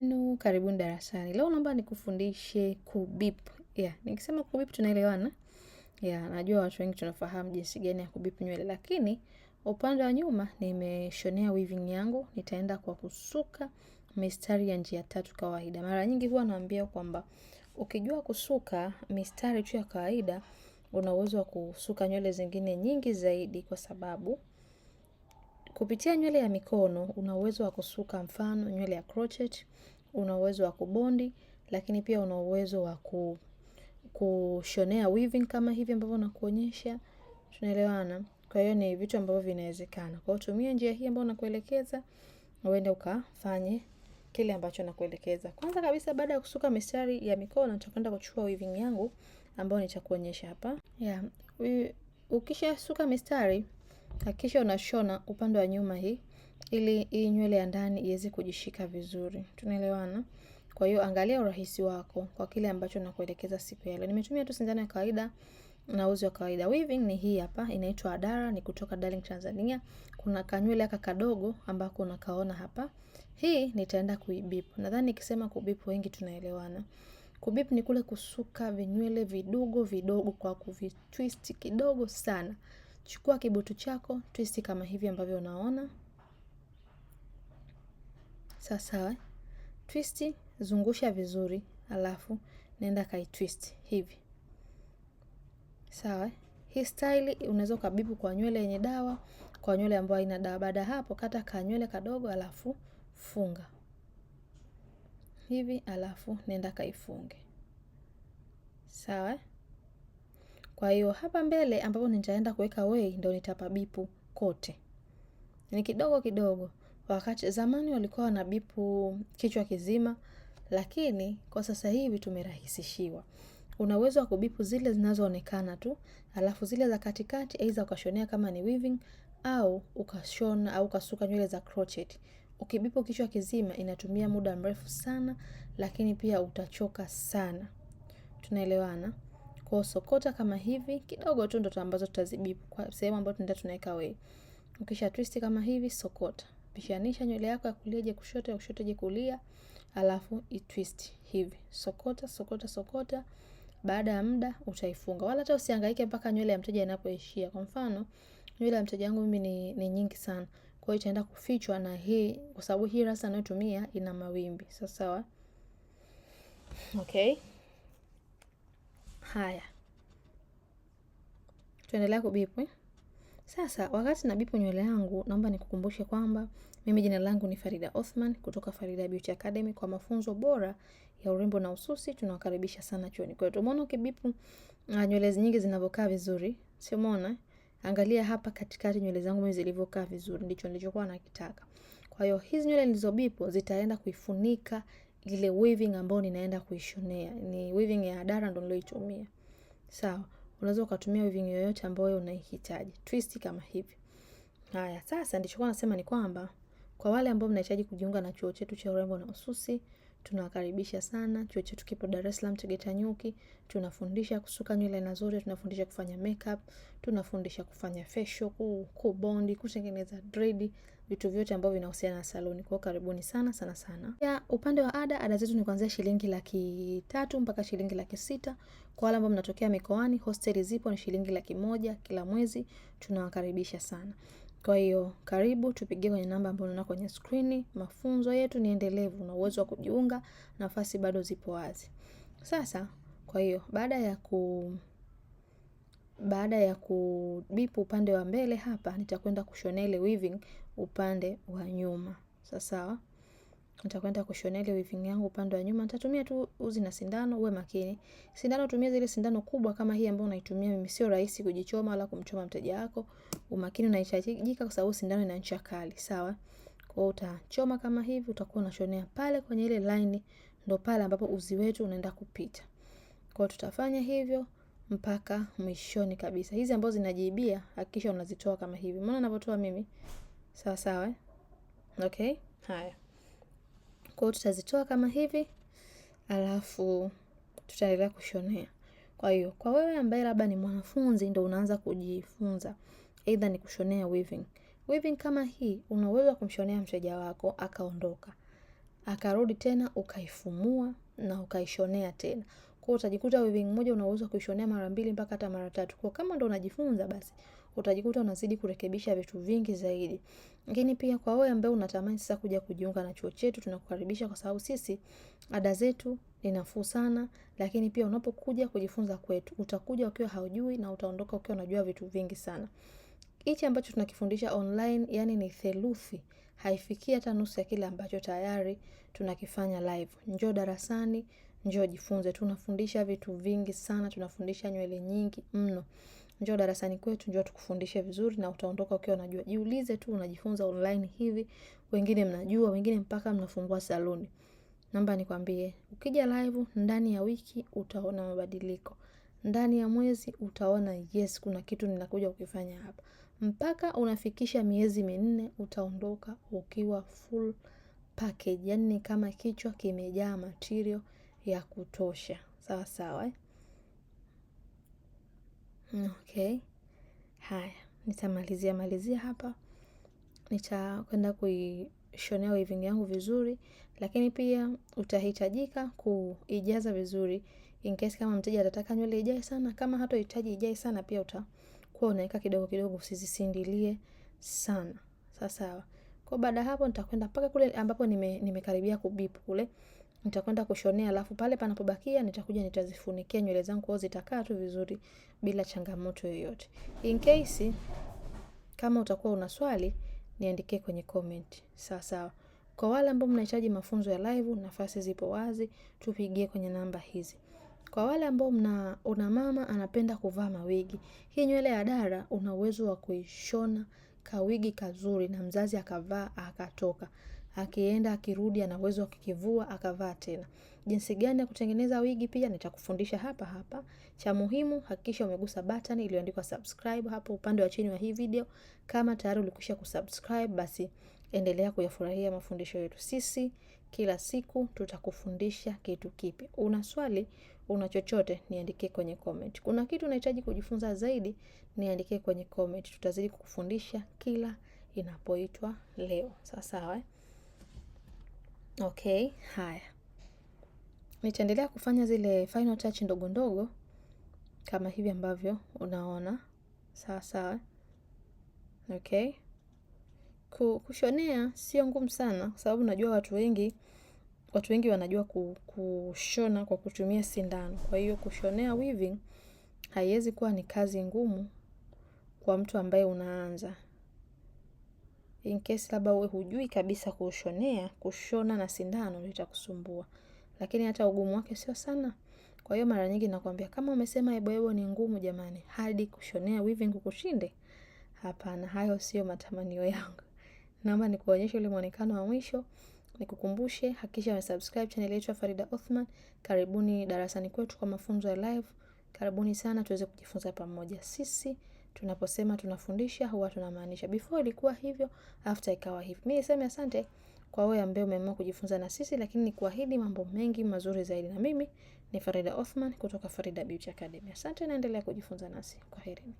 Nu, karibuni darasani. Leo naomba nikufundishe kubip. Yeah, nikisema kubip tunaelewana. Yeah, najua watu wengi tunafahamu jinsi gani ya kubip nywele, lakini upande wa nyuma nimeshonea weaving yangu, nitaenda kwa kusuka mistari ya njia tatu kawaida. Mara nyingi huwa naambia kwamba ukijua kusuka mistari tu ya kawaida, una uwezo wa kusuka nywele zingine nyingi zaidi kwa sababu Kupitia nywele ya mikono, una uwezo wa kusuka mfano nywele ya crochet, una uwezo wa kubondi, lakini pia una uwezo wa ku, kushonea weaving kama hivi ambavyo nakuonyesha. Tunaelewana? Kwa hiyo ni vitu ambavyo vinawezekana. Kwa hiyo tumia njia hii ambayo nakuelekeza, uende ukafanye kile ambacho nakuelekeza. Kwanza kabisa, baada ya kusuka mistari ya mikono, nitakwenda kuchukua weaving yangu ambayo nitakuonyesha hapa. Yeah, Ukisha suka mistari Hakikisha unashona upande wa nyuma hii ili hii nywele ya ndani iweze kujishika vizuri. Tunaelewana? Kwa hiyo angalia urahisi wako kwa kile ambacho nakuelekeza siku ya leo. Nimetumia tu sindano ya kawaida na uzi wa kawaida. Weaving ni hii hapa, inaitwa Adara, ni kutoka Darling Tanzania. Kuna kanywele aka kadogo ambako unakaona hapa. Hii nitaenda kuibip. Nadhani nikisema kubip wengi tunaelewana. Kubip ni kule kusuka vinywele vidogo vidogo kwa kuvitwist kidogo sana. Chukua kibutu chako twist kama hivi ambavyo unaona. Sasa twist, zungusha vizuri, alafu nenda kai twist hivi. Sawa. Hii style unaweza ukabibu kwa nywele yenye dawa, kwa nywele ambayo haina dawa. Baada hapo, kata kanywele kadogo, alafu funga hivi, alafu nenda kaifunge. Sawa. Kwa hiyo hapa mbele ambapo nitaenda kuweka way ndio nitapabipu kote. Ni kidogo kidogo. Wakati zamani walikuwa wanabipu kichwa kizima, lakini kwa sasa hivi tumerahisishiwa. Una uwezo wa kubipu zile zinazoonekana tu, alafu zile za katikati aidha ukashonea kama ni weaving au ukashona au ukasuka nywele za crochet. Ukibipu kichwa kizima inatumia muda mrefu sana, lakini pia utachoka sana. Tunaelewana? Kwa sokota kama hivi kidogo tu ndo ambazo tutazibi kwa sehemu ambayo tunaenda tunaweka wewe. Ukisha twist kama hivi sokota. Pishanisha nywele yako ya kulia je kushoto, ya kushoto je kulia, alafu twist hivi. Sokota sokota sokota. Baada ya muda utaifunga. Wala hata usihangaike mpaka nywele ya mteja inapoishia. Kwa mfano, nywele ya mteja wangu mimi ni, ni nyingi sana. Kwa hiyo itaenda kufichwa na hii kwa sababu hii rasa anayotumia ina mawimbi. Sawa sawa. Okay. Haya, tuendelea kubipu eh? Sasa wakati na bipu nywele yangu, naomba nikukumbushe kwamba mimi jina langu ni Farida Othman kutoka Farida Beauty Academy. Kwa mafunzo bora ya urembo na ususi, tunawakaribisha sana chuoni kwetu. Umeona ukibipu ah, nywele nyingi zinavyokaa vizuri, sio? Umeona, angalia hapa katikati nywele zangu mimi zilivyokaa vizuri, ndicho nilichokuwa nakitaka. Kwa hiyo hizi nywele nilizobipu zitaenda kuifunika ile weaving ambayo ninaenda kuishonea ni weaving ya dara ndo niloitumia. Sawa, unaweza ukatumia weaving yoyote ambayo unahitaji twist kama hivi. Haya, sasa kwa nasema ni kwamba kwa wale ambao mnahitaji kujiunga na chuo chetu cha urembo na ususi tunawakaribisha sana. Chuo chetu kipo Dar es Salaam Tegeta Nyuki. Tunafundisha kusuka nywele nzuri, tunafundisha kufanya makeup, tunafundisha kufanya facial, kubondi, kutengeneza dread, vitu vyote ambavyo vinahusiana na saloni. Kwa karibuni sana sana sana. Ya upande wa ada, ada zetu ni kuanzia shilingi laki tatu mpaka shilingi laki sita. Kwa wale ambao mnatokea mikoani, hosteli zipo, ni shilingi laki moja kila mwezi. Tunawakaribisha sana. Kwa hiyo karibu, tupigie kwenye namba ambayo unaona kwenye skrini. Mafunzo yetu ni endelevu, na uwezo wa kujiunga, nafasi bado zipo wazi. Sasa kwa hiyo baada ya ku baada ya kubipu upande wa mbele hapa, nitakwenda kushona ile weaving upande wa nyuma. Sawa, nitakwenda kushona ile weaving yangu upande wa nyuma. Nitatumia tu uzi na sindano, uwe makini. Sindano tumia zile sindano kubwa kama hii ambayo unaitumia mimi, sio rahisi kujichoma wala kumchoma mteja wako. Umakini unahitajika kwa sababu sindano ina ncha kali. Sawa, kwa hiyo utachoma kama hivi, utakuwa unashonea pale kwenye ile line, ndo pale ambapo uzi wetu unaenda kupita. Kwa tutafanya hivyo mpaka mwishoni kabisa. Hizi ambazo zinajiibia hakikisha unazitoa kama hivi, maana ninavyotoa mimi sawa sawa, eh? Okay, haya, kwa hiyo tutazitoa kama hivi, alafu tutaendelea kushonea. Kwa hiyo kwa wewe ambaye labda ni mwanafunzi ndio unaanza kujifunza aidha ni kushonea weaving. Weaving kama hii una uwezo wa kumshonea mteja wako akaondoka, akarudi tena ukaifumua na ukaishonea tena. Kwa utajikuta weaving moja unaweza kuishonea mara mbili mpaka hata mara tatu. Kwa kama ndo unajifunza basi utajikuta unazidi kurekebisha vitu vingi zaidi. Lakini pia kwa wewe ambaye unatamani sasa kuja kujiunga na chuo chetu tunakukaribisha kwa sababu sisi ada zetu ni nafuu sana, lakini pia unapokuja kujifunza kwetu utakuja ukiwa haujui na utaondoka ukiwa unajua vitu vingi sana. Hichi ambacho tunakifundisha online yani ni theluthi haifikii hata nusu ya kile ambacho tayari tunakifanya live. Njoo darasani njoo jifunze. Tunafundisha vitu vingi sana, tunafundisha nywele nyingi mno. Njoo darasani kwetu, njoo tukufundishe vizuri, na utaondoka ukiwa unajua. Jiulize tu, unajifunza online hivi, wengine mnajua, wengine mpaka mnafungua saluni. Namba nikwambie, ukija live ndani ya wiki utaona mabadiliko, ndani ya mwezi utaona yes, kuna kitu ninakuja kukifanya hapa. Mpaka unafikisha miezi minne utaondoka ukiwa full package, yani kama kichwa kimejaa material ya kutosha sawa sawa eh? Okay, haya nitamalizia malizia hapa, nitakwenda kuishonea weaving yangu vizuri, lakini pia utahitajika kuijaza vizuri in case kama mteja atataka nywele ijae sana. Kama hatohitaji ijae sana, pia utakuwa unaweka kidogo kidogo, usizisindilie sana sawa sawa. Kwa baada hapo nitakwenda mpaka kule ambapo nime, nimekaribia kubipu kule nitakwenda kushonea, alafu pale panapobakia nitakuja nitazifunikia nywele zangu, kwao zitakaa tu vizuri bila changamoto yoyote. In case kama utakuwa una swali niandikie kwenye comment, sawa sawa. Kwa wale ambao mnahitaji mafunzo ya live, nafasi zipo wazi, tupigie kwenye namba hizi. Kwa wale ambao mna una mama anapenda kuvaa mawigi, hii nywele ya dara una uwezo wa kuishona kawigi kazuri na mzazi akavaa akatoka akienda akirudi, ana uwezo wa kukivua akavaa tena. Jinsi gani ya kutengeneza wigi pia nitakufundisha hapa hapa. Cha muhimu hakikisha umegusa button iliyoandikwa subscribe hapo upande wa chini wa hii video. Kama tayari ulikwisha kusubscribe, basi endelea kuyafurahia mafundisho yetu. Sisi kila siku tutakufundisha kitu kipi. Una swali, una chochote, niandikie kwenye comment. Kuna kitu unahitaji kujifunza zaidi, niandikie kwenye comment. Tutazidi kukufundisha kila inapoitwa leo. Sawa sawa eh? Okay, haya. Nitaendelea kufanya zile final touch ndogo ndogo kama hivi ambavyo unaona. Sawa sawa. Okay. Kushonea sio ngumu sana kwa sababu najua watu wengi watu wengi wanajua kushona kwa kutumia sindano. Kwa hiyo kushonea weaving haiwezi kuwa ni kazi ngumu kwa mtu ambaye unaanza in case labda wewe hujui kabisa kushonea, kushona na sindano ndio itakusumbua, lakini hata ugumu wake sio sana. Kwa hiyo mara nyingi nakwambia kama umesema eboebo ni ngumu, jamani, hadi kushonea weaving kukushinde? Hapana, hayo sio matamanio yangu. Naomba nikuonyeshe ule muonekano wa mwisho, nikukumbushe hakikisha umesubscribe channel yetu ya Farida Othman. Karibuni darasani kwetu kwa mafunzo ya live. Karibuni sana tuweze kujifunza pamoja sisi Tunaposema tunafundisha huwa tunamaanisha. Before ilikuwa hivyo, after ikawa hivyo. Mimi niseme asante kwa wewe ambaye umeamua kujifunza na sisi, lakini ni kuahidi mambo mengi mazuri zaidi. Na mimi ni Farida Othman kutoka Farida Beauty Academy. Asante, naendelea kujifunza nasi. Kwaherini.